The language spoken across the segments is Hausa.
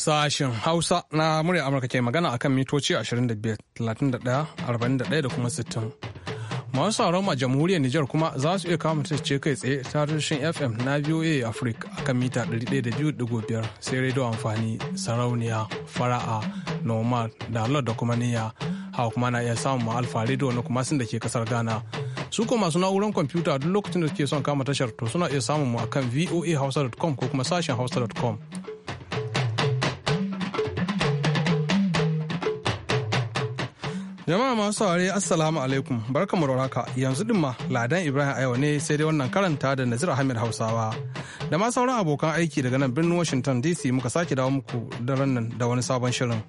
Sashen Hausa na murya Amurka ke magana akan mitoci 25, 31, 41 da kuma 60. Masu sauran a jamhuriyar Nijar kuma za su iya kama ce kai tsaye ta tashin FM na VOA Africa akan mita 102.5 sai rediyo amfani sarauniya fara'a nomad da da kuma niyya hawa kuma na iya samun alfa rediyo na kuma sun da ke kasar Ghana. su kuma masu na'urar kwamfuta duk lokacin da suke son kama tashar to suna iya samun mu akan voahausa.com ko kuma sashen hausa.com Jama'a masu saurare Assalamu alaikum barkamu da haka yanzu din Ladan Ibrahim Ayo ne sai dai wannan karanta da Nazir Ahmed Hausawa da ma sauran abokan aiki daga nan birnin Washington DC muka sake dawo muku daren nan da wani sabon shirin.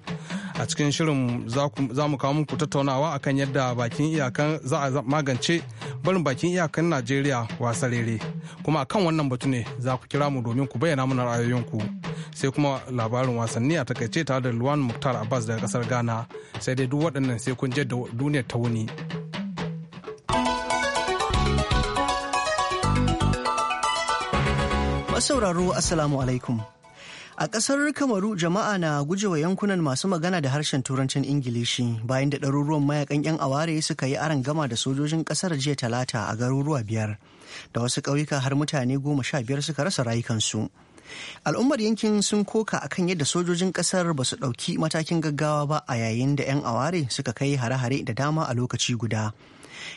A cikin shirin za mu kawo muku tattaunawa akan yadda bakin iyakan za a magance barin bakin iyakan Najeriya wasarere kuma akan wannan batu ne za ku kira mu domin ku bayyana mana ra'ayoyinku. sai kuma labarin wasanni a takaice tare da Luwan Muktar Abbas daga kasar Ghana sai dai duk waɗannan sai kun da duniyar ta wuni. Masauraro asalamu alaikum. A ƙasar Kamaru jama'a na gujewa yankunan masu magana da harshen turancin Ingilishi bayan da ɗaruruwan mayakan 'yan aware suka yi aron gama da sojojin ƙasar jiya talata a garuruwa biyar da wasu ƙauyuka har mutane goma sha biyar suka rasa rayukansu. al'ummar yankin sun koka akan yadda sojojin kasar ba su ɗauki matakin gaggawa ba a yayin da 'yan aware suka kai hare-hare da dama a lokaci guda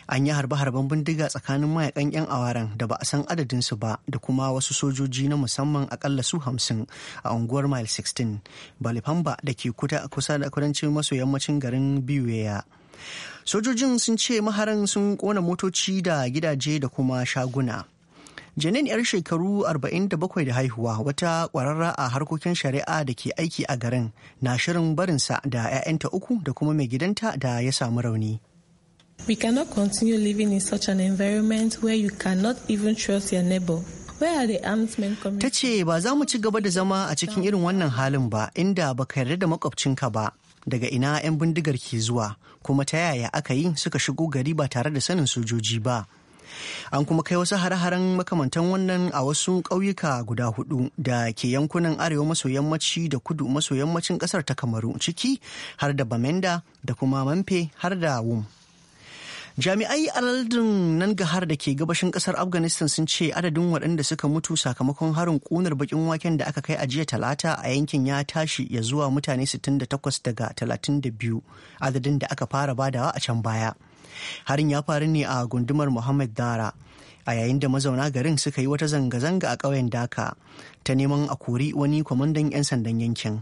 an yi harbe-harben bindiga tsakanin mayakan 'yan awaren da ba a san adadinsu ba da kuma wasu sojoji na musamman akalla su hamsin a unguwar mile 16 balifamba da ke kuta kusa da kudancin maso yammacin garin biyuweya sojojin sun ce maharan sun kona motoci da gidaje da kuma shaguna Janin 'yar shekaru 47 da haihuwa wata ƙwararra a harkokin shari'a da ke aiki a garin na shirin barinsa da 'ya'yanta uku da kuma mai gidanta da ya samu rauni. We cannot continue living in such an environment where you cannot even trust your neighbor. Ta ce ba za mu ci gaba da zama a cikin irin wannan halin ba inda ba ka yarda da makwabcinka ba daga ina 'yan bindigar ke zuwa kuma ta yaya aka yi suka shigo gari ba tare da sanin sojoji ba. An kuma kai wasu hare-haren makamantan wannan a wasu ƙauyuka guda hudu da ke yankunan arewa maso yammaci da kudu maso yammacin ƙasar ta Kamaru ciki har da Bamenda da kuma Manfe har da Wum. jami'ai a lardin nan gahar da ke gabashin kasar afghanistan sun ce adadin waɗanda suka mutu sakamakon harin ƙunar bakin waken da aka kai a jiya talata a yankin ya tashi ya zuwa mutane 68 daga 32 adadin da aka fara badawa a can baya harin ya faru ne a gundumar muhammad dara a yayin da mazauna garin suka yi wata zanga-zanga a ƙauyen daka ta neman a kori wani kwamandan 'yan sandan yankin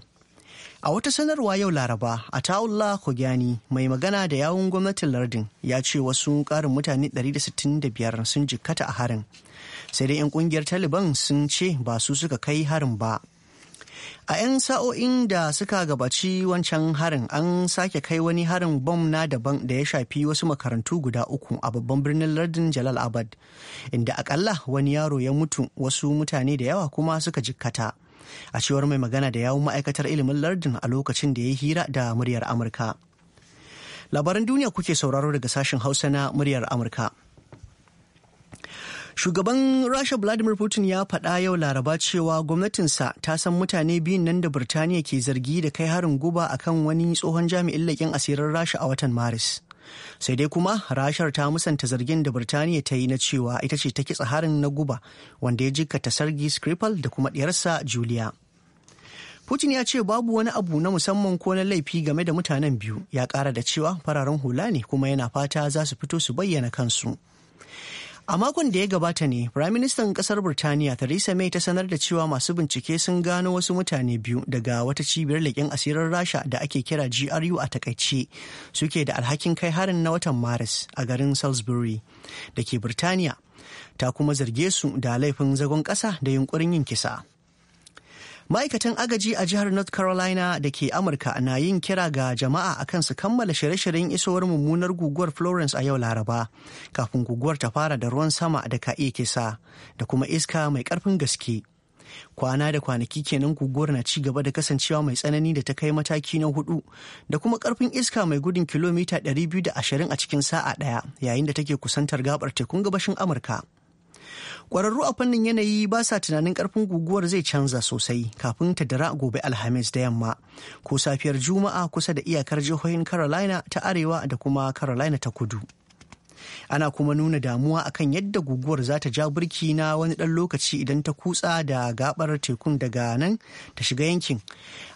a wata sanarwa yau laraba a ta'ulla kogani mai magana da yawun gwamnatin lardin ya ce wasu ƙarin mutane 165 sun jikkata a harin sai dai 'yan kungiyar taliban sun ce ba su suka kai harin ba a 'yan sa'o'in da suka gabaci wancan harin an sake kai wani harin bom na daban da ya shafi wasu makarantu guda uku a babban birnin lardin jalal abad inda akalla wani yaro ya mutu wasu mutane da yawa kuma suka jikkata a cewar mai magana da yawun ma'aikatar ilimin lardin a lokacin da ya yi hira da muryar amurka labaran duniya kuke sauraro daga sashen hausa na muryar amurka Shugaban Rasha Vladimir Putin ya faɗa yau Laraba cewa gwamnatinsa ta san mutane biyun nan da Birtaniya ke zargi da kai harin guba akan wani tsohon jami'in laƙin asirin Rasha a watan Maris. Sai dai kuma Rashar ta musanta zargin da Birtaniya ta yi na cewa ita ce ta kitsa harin na guba wanda ya ta sargi Skripal da kuma ɗiyarsa Julia. Putin ya ce babu wani abu na musamman ko na laifi game da mutanen biyu ya ƙara da cewa fararen hula ne kuma yana fata za su fito su bayyana kansu. A makon da ya gabata ne, Firaministan ƙasar Burtaniya Theresa May ta sanar da cewa masu bincike sun gano wasu mutane biyu daga wata cibiyar leƙen asirin Rasha da ake kira GRU a takaice suke da alhakin kai harin na watan Maris a garin Salisbury da ke Burtaniya. Ta kuma zarge su da laifin zagon ƙasa da yunkurin yin kisa. ma'aikatan agaji a jihar north carolina da ke amurka na yin kira ga jama'a akan su kammala shirye-shiryen isowar mummunar guguwar florence a yau laraba kafin guguwar ta fara da ruwan sama da ka iya kisa da kuma iska mai karfin gaske kwana da kwanaki kenan guguwar na ci gaba da kasancewa mai tsanani da ta kai mataki na hudu da kuma karfin iska mai gudun kilomita 220 a cikin sa'a daya yayin da take kusantar gabar tekun gabashin amurka Kwararru a fannin yanayi ba sa tunanin karfin guguwar zai canza sosai kafin ta dara gobe Alhamis da yamma ko safiyar Juma'a kusa da iyakar jihohin Carolina ta Arewa da kuma Carolina ta Kudu. Ana kuma nuna damuwa akan yadda guguwar za ta ja birki na wani ɗan lokaci idan ta kutsa da gabar tekun daga nan ta shiga yankin.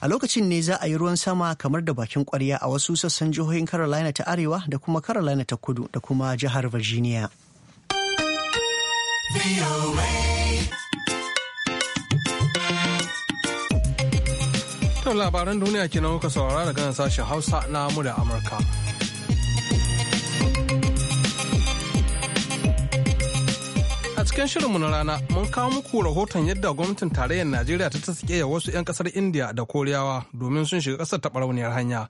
A lokacin ne za a yi ruwan sama kamar da bakin kwarya a wasu sassan jihohin Carolina ta Arewa da kuma Carolina ta Kudu da kuma jihar Virginia. To labaran duniya kenan kuka saurara daga sashen Hausa na mu da Amurka. cikin mu na rana mun kawo muku rahoton yadda gwamnatin tarayyar Najeriya ta tsike wasu 'yan kasar India da Koriyawa domin sun shiga kasar ta barauniyar hanya.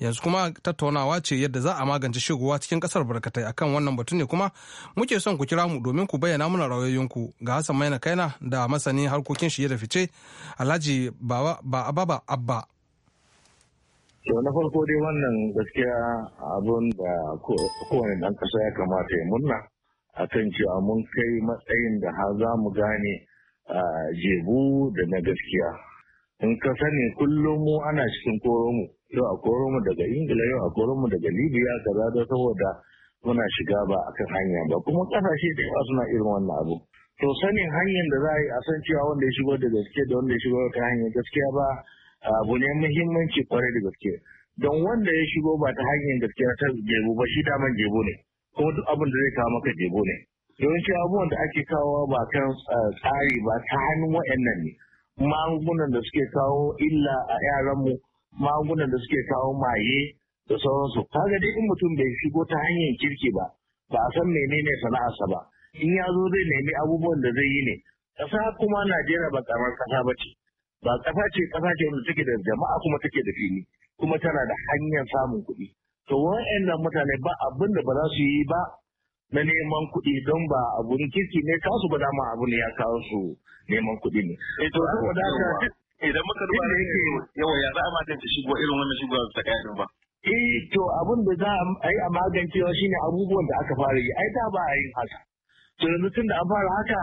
Yanzu kuma tattaunawa ce yadda za a magance shigowa cikin kasar barkatai akan wannan batun ne kuma muke son ku kira mu domin ku bayyana mana ra'ayoyinku ga Hassan Maina Kaina da masani harkokin shige da fice Alhaji ba Ababa Abba. to na farko dai wannan gaskiya abun da kowane dan kasa ya kamata ya murna akan cewa mun kai matsayin da ha za mu gane jebu da na gaskiya in ka sani kullum mu ana cikin koromu yau a koromu daga ingila yau a koromu daga libya za da saboda muna shiga ba akan hanya ba kuma kasashe da yawa suna irin wannan abu to sanin hanyar da za a yi a san cewa wanda ya shigo da gaske da wanda ya shigo ta hanyar gaskiya ba abu ne muhimmanci kwarai da gaske don wanda ya shigo ba ta hanyar gaskiya ta jebu ba shi daman jebu ne kuma duk abin da zai kawo maka jebo ne yawanci abubuwan da ake kawo ba kan eh, tsari ba ta hannun wa'annan ne magungunan da suke kawo illa a yaranmu magungunan da suke kawo maye da sauransu kaga dai in mutum bai shigo ta hanyar kirki ba ba a san menene sana'arsa ba in ya zo zai nemi abubuwan da zai yi ne ƙasa kuma najeriya ba karamar kasa ba ce ba ƙasa ce ƙasa ce wanda take da jama'a kuma take da fili kuma tana da hanyar samun kuɗi to wa'annan mutane ba abin da ba za su yi ba na neman kuɗi don ba abun kirki ne kasu ba dama abu ne ya kawo su neman kuɗi ne. Eto eh, idan muka duba da yake yawa ya za a magance shigo irin wannan shigo ta kayan ba. Eh to abin da za a yi a magancewa shine abubuwan da aka fara yi ai da ba a yin haka. To yanzu tun da an fara haka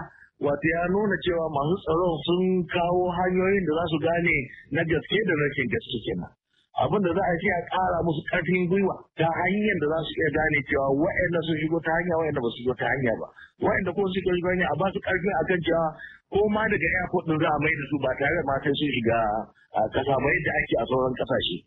wato ya nuna cewa masu tsaron sun kawo hanyoyin da za su gane na gaske da rashin gaske kenan. abin da za a ce a ƙara musu ƙarfin gwiwa ta hanyar da za su iya gane cewa wa'anda sun shigo ta hanya wa'anda ba su shigo ta hanya ba wa'anda ko su shigo hanya a ba su ƙarfin kan cewa ko ma daga airport din za a maida su ba tare da matan sun shiga a ƙasa ba yadda ake a sauran kasashe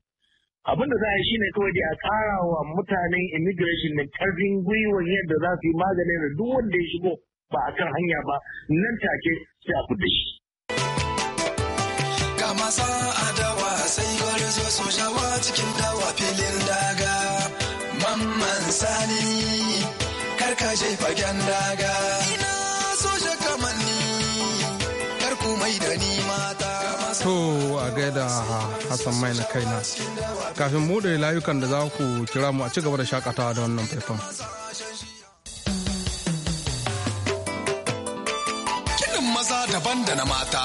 abin da za a yi shine kawai dai a ƙara wa mutanen immigration da ƙarfin gwiwa yadda za su yi magani da duk wanda ya shigo ba a kan hanya ba nan take sai a fudda shi. sojawa cikin dawa filin daga mamman sani karka je fagen daga ina soja kamanni karku mai da ni mata to a gaida hassan mai na kaina kafin buɗe layukan da za ku kira mu a ci gaba da shakatawa da wannan faifan kiɗin maza daban da na mata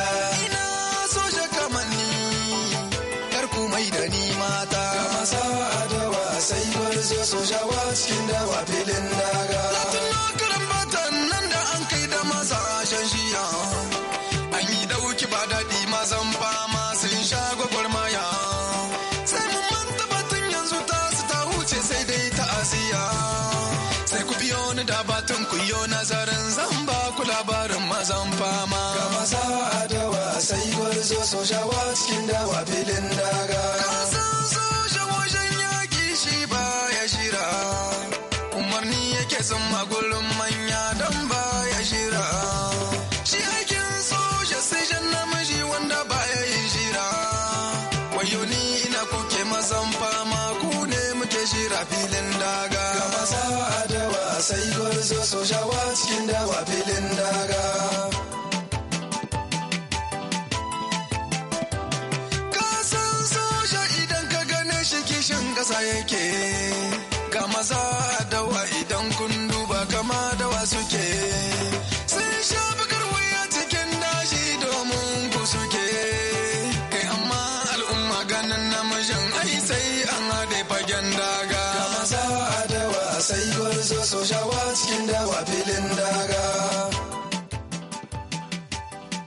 sojawa cikin dawa filin daga latin makaran matan nan da an kai da masa shan shiya an yi dauki ba daɗi mazan fama sun sha maya. sai mun manta batun yanzu ta su ta huce sai dai ta asiya sai ku biyo ni da batun ku yi nazarin zan ba ku labarin mazan fama ga masa adawa sai gwarzo sojawa cikin dawa filin daga filin daga. Gama sawa a dawa sai gwarzo shawa cikin dawa filin daga.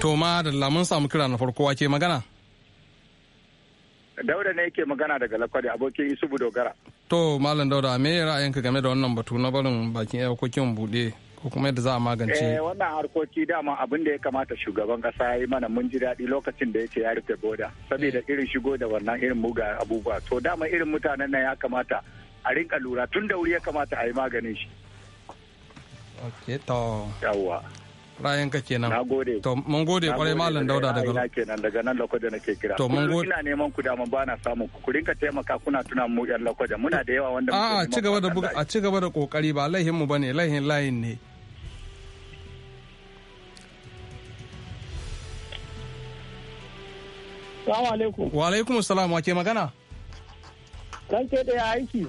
To da lamun samu kira na farko ke magana? Dauda ne yake magana daga lakwari, abokin Isubu Dogara. To Malam Dauda me ra'ayinka game da wannan batu na barin bakin harkokin buɗe ko kuma yadda za a magance? Eh wannan harkoki dama abin da ya kamata shugaban kasa ya yi mana mun ji daɗi lokacin da ya yake ya rufe boda saboda eh. irin shigo da wannan irin muga abubuwa. To dama irin mutanen nan ya kamata a rinka lura tun da wuri ya kamata a yi maganin shi. Ok to. Yawwa. ra'ayin ka kenan na gode to mun gode kwarai malam dauda daga nan kenan daga nan lokacin nake kira to mun gode ina neman ku da mun bana samu ku rinka taimaka kuna tuna mu yan lokacin muna da yawa wanda a ci gaba da a ci gaba da kokari ba laihin mu bane laihin layin ne Salamu alaikum. Wa alaikum salam wa ke magana? Kan ke da aiki.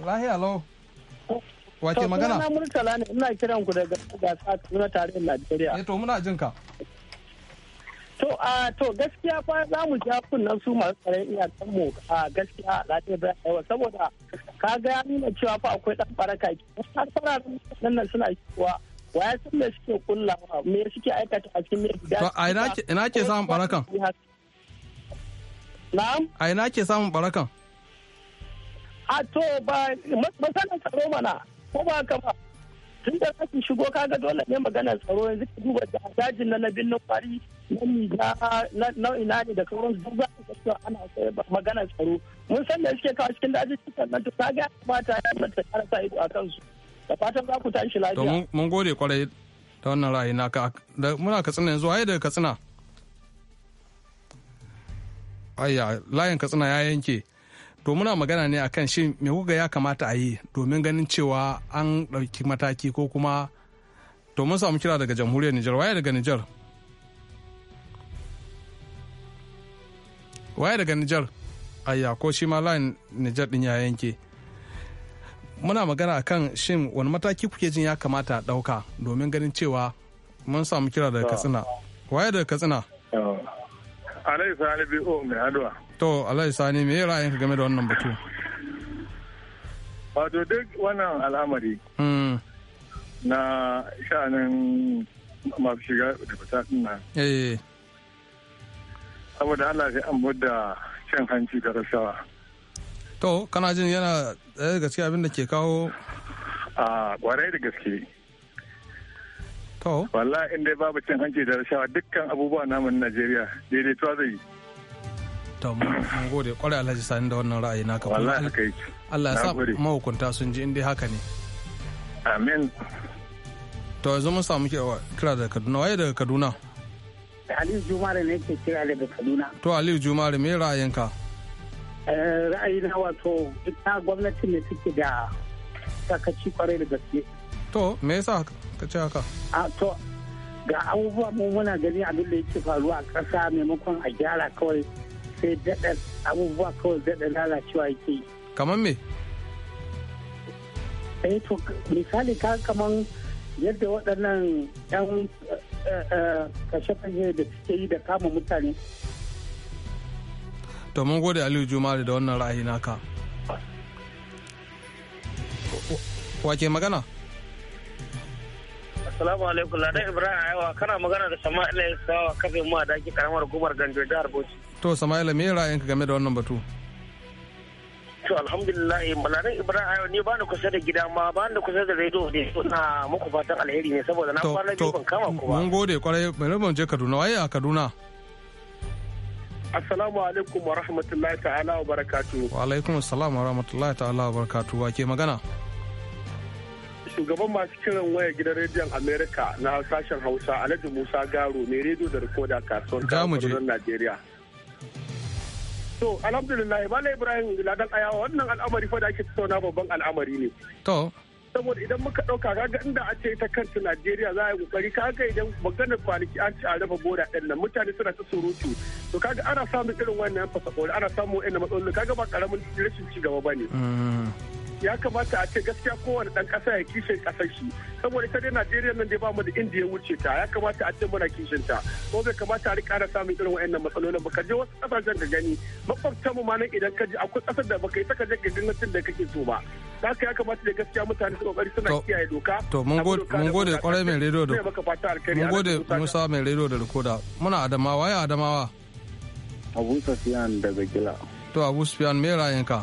Lahiya lau. Wace magana? Suna Murtala ne ina kiran ku daga gasa na tarihin Najeriya. Eh to muna jin ka. To a to gaskiya fa za mu ja kunnan su masu tsare iyakan mu a gaskiya a lafiyar da yawa saboda ka ga ya nuna cewa fa akwai dan baraka ki. Har fara nan suna cewa waya sun me suke kullawa me suke aikata a cikin mai gida. A ina ke samun barakan? Na'am? A ina ke samun barakan? A to ba masanin tsaro mana ko ba haka ba tun da za su shigo kaga dole ne maganar tsaro yanzu ka duba da dajin na nabin kwari na na ina ne da kawai duk za su kasuwa ana maganar tsaro mun san da suke kawo cikin dajin cikin nan to kaga mata ya mata ƙara sa ido a kansu da fatan za ku tashi lafiya. mun gode kwarai ta wannan ra'ayi naka muna katsina yanzu waye daga katsina. Ayya layin katsina ya yanke. to muna magana ne akan shin me kuka ya kamata a yi domin ganin cewa an ɗauki mataki ko kuma to mun samu kira daga jamhuriyar Nijar waye daga Nijar waye daga Nijar ayya ko shi ma layin Nijar din ya yanke muna magana akan shin wani mataki kuke jin ya kamata a ɗauka domin ganin cewa mun samu kira daga Katsina ah. waye daga Katsina ah. Alai Salibi O mai haduwa to ya sani me ra'ayinka game da wannan batu wato duk wannan al'amari hmm. na sha'anin masu shiga da fita nan eh. saboda allah sai an da cin hanci da rashawa to kana jin yana daya daga cikin abinda da ke kawo a kwarai da gaske to wallahi in dai babu cin hanci da rashawa dukkan abubuwa namun najeriya daidaituwa zai yi to mun gode kwarai alhaji sani da wannan ra'ayi naka wallahi haka Allah ya sa mahukunta sun ji inda haka ne amin to yanzu mun samu kira daga Kaduna waye daga Kaduna Aliyu Jumare ne ke kira daga Kaduna to Aliyu Jumare me ra'ayinka eh, ra'ayi na wato ita gwamnati ne suke da sakaci kwarai da gaske to me yasa ka ce haka a to ga abubuwa mun muna gani abin da yake faruwa a ƙasa maimakon a gyara kawai sai daɗar abubuwa kawai daɗa lalacewa yake yi. Kamar me? Eh to misali ka kamar yadda waɗannan ƴan eh, eh, kashe-kashe da suke yi da kama mutane. To mun gode Aliyu Jumari da wannan ra'ayi naka. Wa ke magana? Assalamu alaikum Ladan Ibrahim Ayawa kana magana da Sama'ila Sawa, kafe mu a daki karamar gumar Ganjo jihar Bauchi. To Sama'il, me ra'ayinka game da wannan batu? To alhamdulillah Ladan Ibrahim Ayawa ni ni kusa da gida ma ni kusa da radio da na muku fatan alheri ne saboda na kwana biyu ban kama ku ba. Mun gode kwarai mai mu je Kaduna waye a Kaduna. Assalamu alaikum wa rahmatullahi ta'ala wa barakatuhu. Wa alaikum assalam wa rahmatullahi ta'ala wa barakatuhu wa ke magana? shugaban masu kiran waya gidan rediyon amerika na sashen hausa alhaji musa garo mai rediyo da rikoda kasuwar kasuwar najeriya to alhamdulillah bala ibrahim ladan ayawa wannan al'amari fa da ake tattauna babban al'amari ne to saboda idan muka ɗauka kaga inda a ce ta kanta Najeriya za a yi kokari kaga idan maganar kwanaki an ci a raba boda din nan mutane suna ta surutu to kaga ana samun irin wannan fasakori ana samun wa'annan matsaloli kaga ba karamin rashin ci gaba ba mm. ya kamata a ce gaskiya kowane ɗan ƙasa ya kishin ƙasar shi saboda ita dai Najeriya nan dai ba mu da inda ya wuce ta ya kamata a ce muna kishin ta ko bai kamata a ƙara samun irin waɗannan matsalolin ba ka je wasu ƙasashen ka gani makwabtan mu ma nan idan ka je akwai ƙasar da baka yi ta ka je ka gangancin da kake so ba haka ya kamata da gaskiya mutane su kokari suna kiyaye doka to mun gode kwarai mai rediyo da mun gode Musa mai rediyo da rikoda muna Adamawa ya Adamawa Abu Sufyan daga Gila to Abu Sufyan me ra'ayinka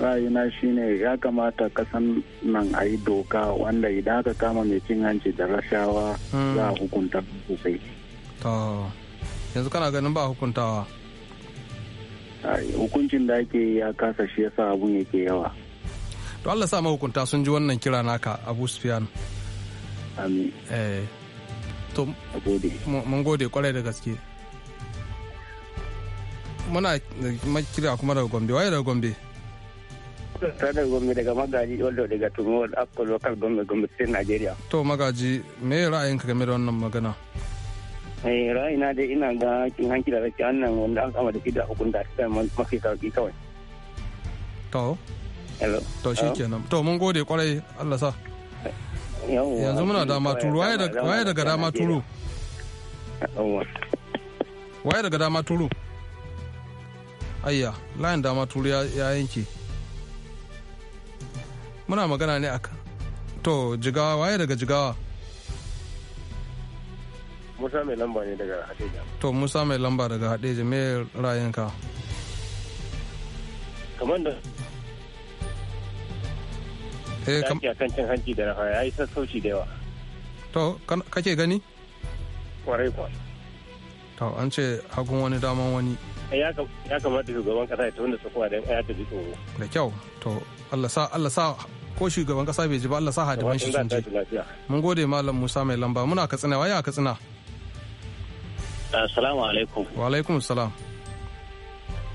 ra'ayina shine ya kamata kasan nan a yi doka wanda idan aka kama mai cin hanci da rashawa hmm. za a hukunta sosai. yanzu kana ganin ba hukuntawa. hukuncin da ake ya kasa shi yasa abun yake yawa. to Allah sa mahukunta sun ji wannan kira naka Abu Sufyan. Amin. Eh. To mun gode kwarai da gaske. Muna eh, kira kuma daga Gombe, waye daga Gombe? Sanar Gombe daga Magaji wanda daga Tumuwar Apple Local Gombe Gombe State Nigeria. To Magaji, me ra'ayinka game da wannan magana? Eh ra'ayina dai ina ga cin hanki da rake annan wanda an kama da shi da hukunta ta mafi sauki kawai. To. Hello. To shi kenan. To mun gode kwarai Allah sa. Yanzu muna da maturu waye daga dama maturu Waye daga dama maturu Ayya, layin dama maturu ya yanke. muna magana ne aka to jigawa waye daga jigawa musa mai lamba ne daga hadeja to musa mai lamba daga hadeja me ra'ayinka kamar da eh kam kan cin hanci da rafa yi sassauci da yawa to kake gani kwarai kwa to an ce hagun wani daman wani Eh, ya kamata shugaban kasa ya tunda su kuma don ya tafi tsoro da kyau to Allah sa Allah sa ko shugaban kasa bai ji ba Allah sa hadiman shi sun ji mun gode malam Musa mai lamba muna katsina waya katsina assalamu alaikum wa alaikum assalam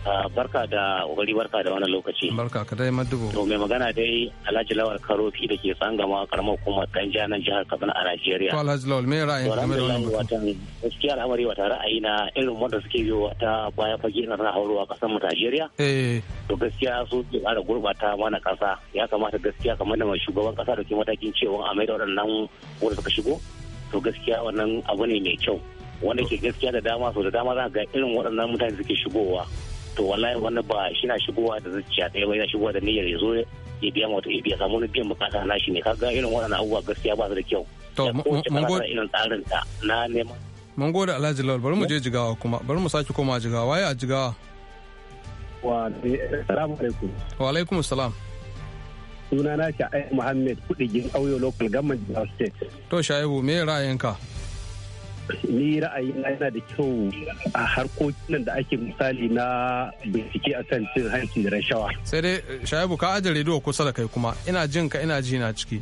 Ah, barka da kokari barka da wannan lokaci barka ka dai madubo to mai magana dai Alhaji Lawal Karofi da ke tsangama karamar hukumar Kanja nan jihar Kaduna a Najeriya Ko Alhaji Lawal me ra'ayin ka game da wannan batun gaskiya al'amari wata ra'ayi na irin wanda suke yi wata baya fage na haurwa kasar mu Najeriya eh to gaskiya su ke ƙara gurbata mana ƙasa ya kamata gaskiya kamar da mai shugaban ƙasa da ke matakin cewa a mai da waɗannan wanda suka shigo to gaskiya wannan abu ne mai kyau wanda ke gaskiya da dama so da dama za ga irin waɗannan mutane suke shigowa to wallahi wannan ba shi na shigowa da zuciya ɗaya ba yana shigowa da niyyar ya zo ya biya mata ya biya samu biyan bukata na shi ne kaga irin waɗannan abubuwa gaskiya ba su da kyau to mun gode irin tsarin ta na neman mun gode Alhaji Lawal bari mu je jigawa kuma bari mu sake koma jigawa waye a jigawa wa assalamu eh, alaikum wa alaikum assalam sunana Sha'ibu Muhammad Kudigin Auyo Local Government of State to Sha'ibu me ra'ayinka ni ra'ayi na yana da kyau a harkokin da ake misali na bincike a kan cin hanci da rashawa. Sai dai Shaibu ka ajiye rediyo kusa da kai kuma ina jin ka ina ji na ciki.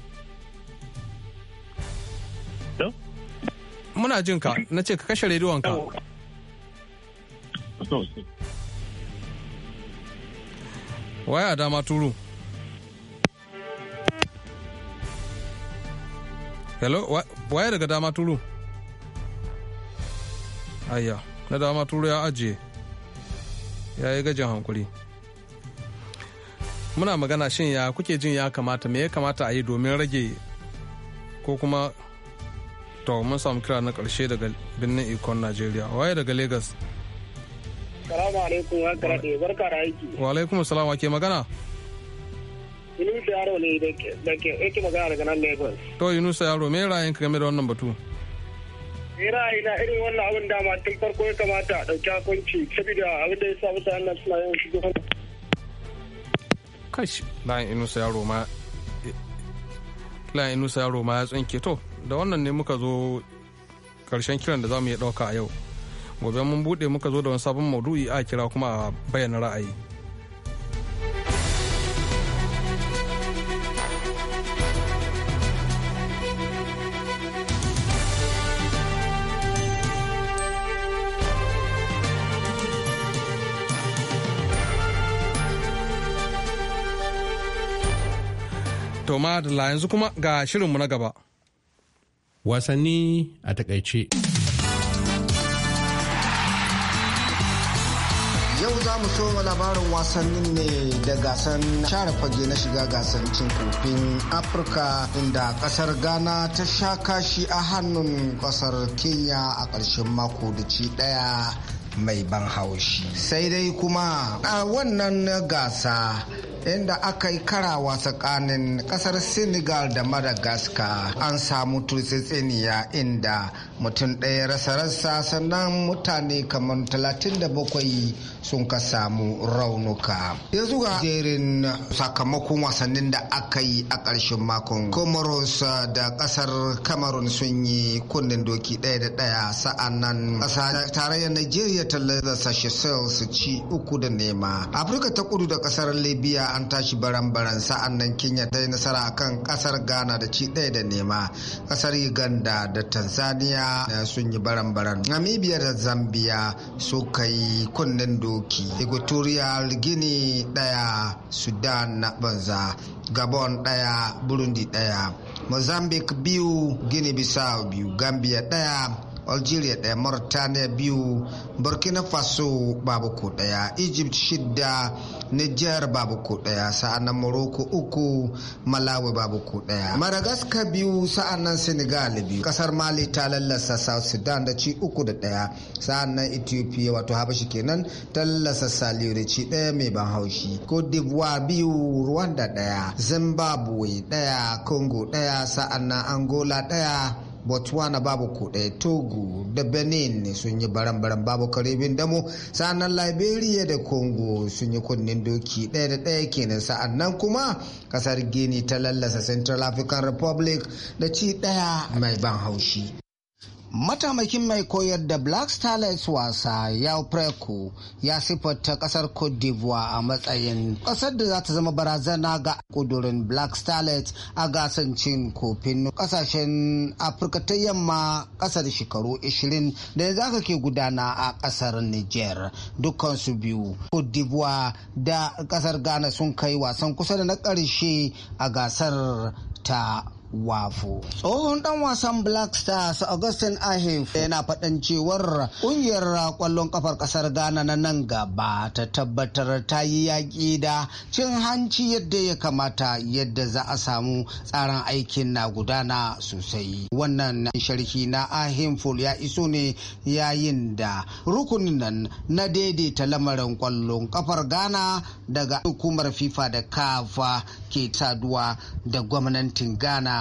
Muna jin ka na ce ka kashe rediyon ka. Waya dama turu. Hello, waya daga dama turu. ayya na dama turo ya ajiye ya yi gajin hankuri muna magana shin ya kuke jin ya kamata me ya kamata a yi domin rage ko kuma to mun samu kira na karshe daga birnin ikon najeriya waye daga lagos salamu alaikum wa karaɗe barka da aiki wa alaikum salam ke magana yunusa yaro ne da ke magana daga nan lagos to yunusa yaro me ka game da wannan batu ni ra'ayina irin wannan abin dama tun farko ya kamata a ɗauki hakunci saboda abin da ya sa mutanen nan suna yin shigo kash bayan inusa yaro ma inusa yaro ma ya tsinke to da wannan ne muka zo karshen kiran da za mu iya ɗauka a yau gobe mun buɗe muka zo da wani sabon maudu'i a kira kuma a bayyana ra'ayi To ma da yanzu kuma ga shirinmu na gaba. Wasanni a takaice. yau za mu so labarin wasannin ne da gasan share fage na shiga gasar cin kofin afirka inda kasar ghana ta sha kashi a hannun kasar kenya a ƙarshen mako da ci ɗaya mai ban haushi sai dai kuma a wannan gasa inda aka yi karawa tsakanin kasar senegal da madagascar an samu turtsitsiniya inda mutum ɗaya rasa rasa sannan mutane kamar 37 sun ka samu raunuka yanzu ga jerin sakamakon wasannin da aka yi a ƙarshen makon comoros da ƙasar cameroon sun yi kunnen doki ɗaya da ɗaya sa'an nan ƙasa tarayyar nigeria ta lalata sales ci uku da nema afirka ta kudu da ƙasar libya an tashi baran-baran sa'an nan kenya ta yi nasara kan ƙasar ghana da ci ɗaya da nema ƙasar uganda da tanzania sun yi baran-baran namibia da zambia suka yi kunnen doki equatorial guinea daya sudan na banza gabon daya burundi daya mozambique biyu guinea bissau biyu gambia daya algeria ɗaya mauritania biyu burkina faso babu ko ɗaya egypt shidda niger babu ko ɗaya sa'annan morocco uku malawi babu ko daya madagascar biyu sa'annan senegal biyu kasar mali ta lallasa south sudan da ci uku da ɗaya sa'annan ethiopia wato habashi kenan ta lallasa saliyo da ci ɗaya mai ban haushi cote d'ivoire biyu rwanda ɗaya zimbabwe daya congo ɗaya sa'annan angola ɗaya botswana babu kuɗe togo da benin sun yi baran-baran babu karibin damo sa'annan liberia da congo sun yi kunnen doki ɗaya da ɗaya kenan sa'annan kuma kasar guinea ta lallasa central african republic da ci ɗaya mai ban haushi Mataimakin mai koyar da Black Starlights wasa Yao Preku ya sifarta kasar Cote d'Ivoire a matsayin kasar da za ta zama barazana ga kudurin Black Starlights a gasar cin kofin kasashen Afirka ta yamma kasar shekaru 20 da za ka ke gudana a kasar Niger. Dukkansu biyu Cote d'Ivoire da kasar Ghana sun kai wasan kusa da na ƙarshe a gasar ta wafo. Tsohon dan wasan Black Stars Augustin Ahif yana faɗan cewar ƙungiyar ƙwallon ƙafar ƙasar Ghana na nan gaba ta tabbatar ta yi yaƙi da cin hanci yadda ya kamata yadda za a samu tsarin aikin na gudana sosai. Wannan sharhi na Ahimful ya iso ne yayin da rukunin nan na daidaita lamarin ƙwallon ƙafar Ghana daga hukumar FIFA da kafa ke saduwa da gwamnatin Ghana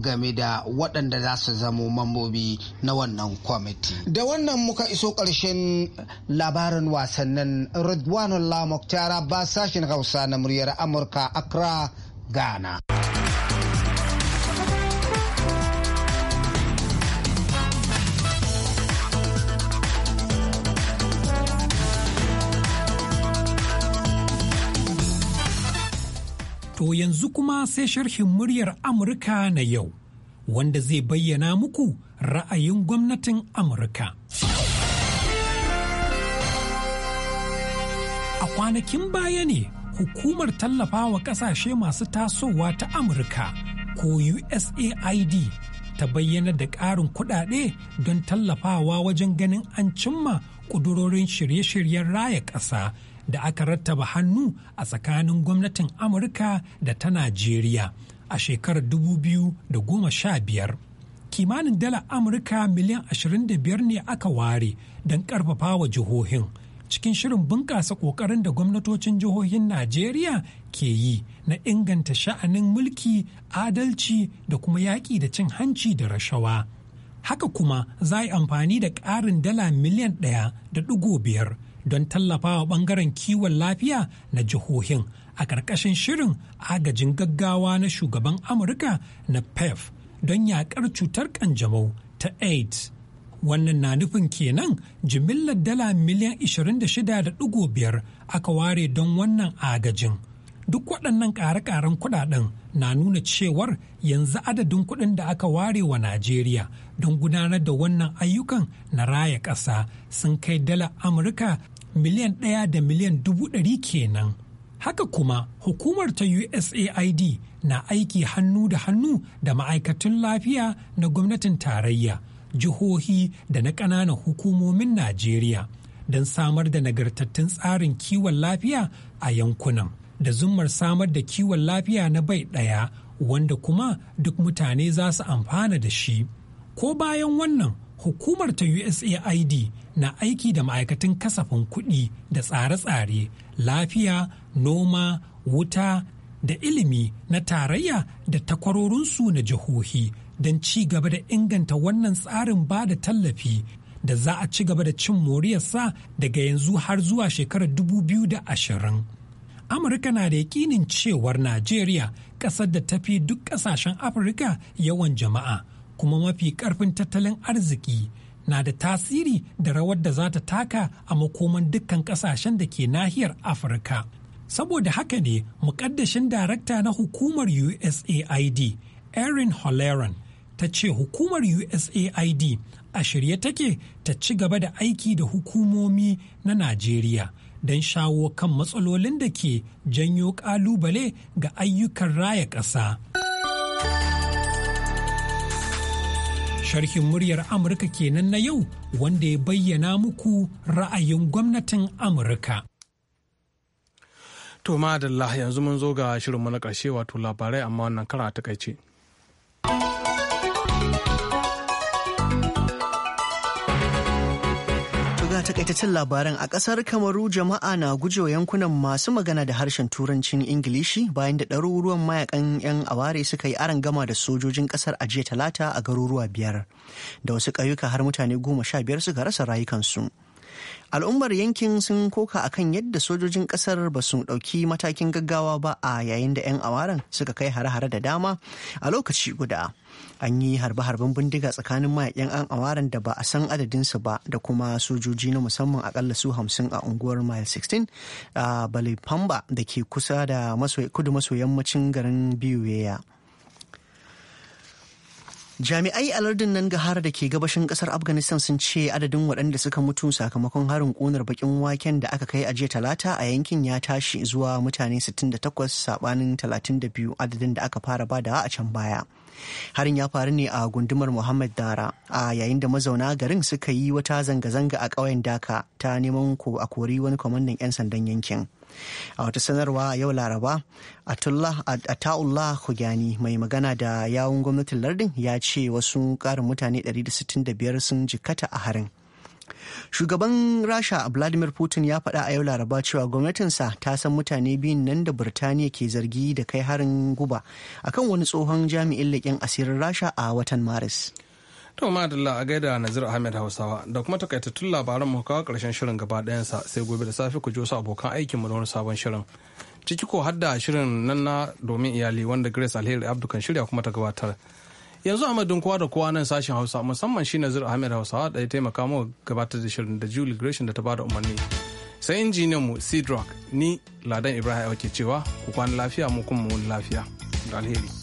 game da waɗanda za su zamo mambobi na wannan kwamiti. Da wannan muka iso ƙarshen labarin wasannin Ridwanullah Muktara ba sashen Hausa na muryar Amurka Accra, Ghana. To yanzu kuma sai sharhin muryar Amurka na yau, wanda zai bayyana muku ra'ayin gwamnatin Amurka. A kwanakin baya ne hukumar tallafawa ƙasashe masu tasowa ta Amurka ko USAID ta bayyana da ƙarin kuɗaɗe don tallafawa wajen ganin an cimma ƙudurorin shirye-shiryen raya ƙasa da aka rattaba hannu a tsakanin gwamnatin Amurka da ta Najeriya a shekarar 2015. Kimanin dala Amurka miliyan 25 ne aka ware don ƙarfafa wa jihohin. cikin shirin bunƙasa ƙoƙarin da gwamnatocin jihohin Najeriya ke yi na inganta sha'anin mulki, adalci da kuma yaƙi da cin hanci da rashawa. Haka kuma za a yi amfani da ƙarin dala miliyan ɗaya da ɗigo biyar don tallafawa bangaren kiwon lafiya na jihohin a ƙarƙashin shirin agajin gaggawa na shugaban amurka na pef don yaƙar cutar ƙanjamau ta aids wannan na nufin kenan jimillar dala miliyan 26.5 aka ware don wannan agajin duk waɗannan ƙare-ƙaren kuɗaɗen na nuna cewar yanzu adadin kuɗin da aka ware wa najeriya don gudanar da wannan ayyukan na raya ƙasa sun kai dala amurka miliyan ɗaya da miliyan dubu ɗari kenan. Haka kuma hukumar ta USAID na aiki hannu da hannu da ma'aikatun lafiya na gwamnatin tarayya, jihohi da na ƙananan hukumomin Najeriya don samar da nagartattun tsarin kiwon lafiya a yankunan da zummar samar da kiwon lafiya na bai ɗaya wanda kuma duk mutane za su amfana da shi. Ko bayan wannan hukumar ta USAID na aiki da ma'aikatan kasafin kuɗi da tsare-tsare lafiya, noma, wuta da ilimi na tarayya da takwarorinsu na jihohi don ci gaba da inganta wannan tsarin ba da tallafi da za a ci gaba da cin moriyarsa daga yanzu har zuwa shekarar 2020. Amurka na da yaƙinin cewar Najeriya ƙasar da tafi duk ƙasashen Afirka yawan jama'a. kuma mafi karfin tattalin arziki na da tasiri da rawar da za ta taka a makoman dukkan kasashen da ke nahiyar afirka saboda haka ne mukaddashin darakta na hukumar usaid erin holleran ta ce hukumar usaid a shirye take ta ci gaba da aiki da hukumomi na najeriya don shawo kan matsalolin da ke janyo ƙalubale ga ayyukan raya ƙasa. Sharhin muryar Amurka kenan na yau wanda ya bayyana muku ra'ayin gwamnatin Amurka. To madalla yanzu mun zo ga shirinmu na ƙarshe wato labarai amma wannan kara takaice. takaitaccen labaran a ƙasar kamaru jama'a na gujewa yankunan masu magana da harshen turancin ingilishi bayan da ɗaruruwan mayakan 'yan aware suka yi aron gama da sojojin ƙasar a jiya talata a garuruwa biyar da wasu ƙauyuka har mutane goma sha biyar suka rasa rayukansu al'ummar yankin sun koka akan yadda sojojin ƙasar ba su ɗauki matakin gaggawa ba a yayin da 'yan awaren suka kai hare-hare da dama a lokaci guda an yi harbe-harben bindiga tsakanin mayakin an awaran da ba a san adadinsu ba da kuma sojoji na musamman akalla su hamsin a unguwar mile 16 a balipamba da ke kusa da kudu maso yammacin garin biyu Jami'ai a lardin nan har da ke gabashin kasar Afghanistan sun ce adadin waɗanda suka mutu sakamakon harin ƙunar bakin waken da aka kai a jiya talata a yankin ya tashi zuwa mutane 68 sabanin 32 adadin da aka fara badawa a can baya. harin ya faru ne a gundumar muhammad dara a yayin da mazauna garin suka yi wata zanga-zanga a ƙauyen daka ta neman ko a kori wani kwamandan 'yan sandan yankin a wata sanarwa a yau laraba ata'ullah hujani mai magana da yawun gwamnatin lardin ya ce wasu karin mutane 165 sun jikata a harin Shugaban Rasha Vladimir Putin ya faɗa a yau Laraba cewa gwamnatinsa ta san mutane biyun nan da Birtaniya ke zargi da kai harin guba akan wani tsohon jami'in leƙen asirin Rasha a watan Maris. To madalla a gaida Nazir Ahmed Hausawa da kuma takaitattun labaran mu kawo karshen shirin gaba ɗayansa sai gobe da safe ku josa abokan aikinmu da wani sabon shirin. Ciki ko hadda shirin nan na domin iyali wanda Grace Alheri Abdu kan shirya kuma ta gabatar. Yanzu a kowa da kowa nan sashen Hausa musamman shi Nazir Ahmed Hausawa da ya taimaka mu gabatar da shirin da Julie Gresham da ta bada umarni. Sai injiniyan mu Sidrock ni Ladan Ibrahim ke cewa ku kwana lafiya mu kuma mu lafiya. alheri.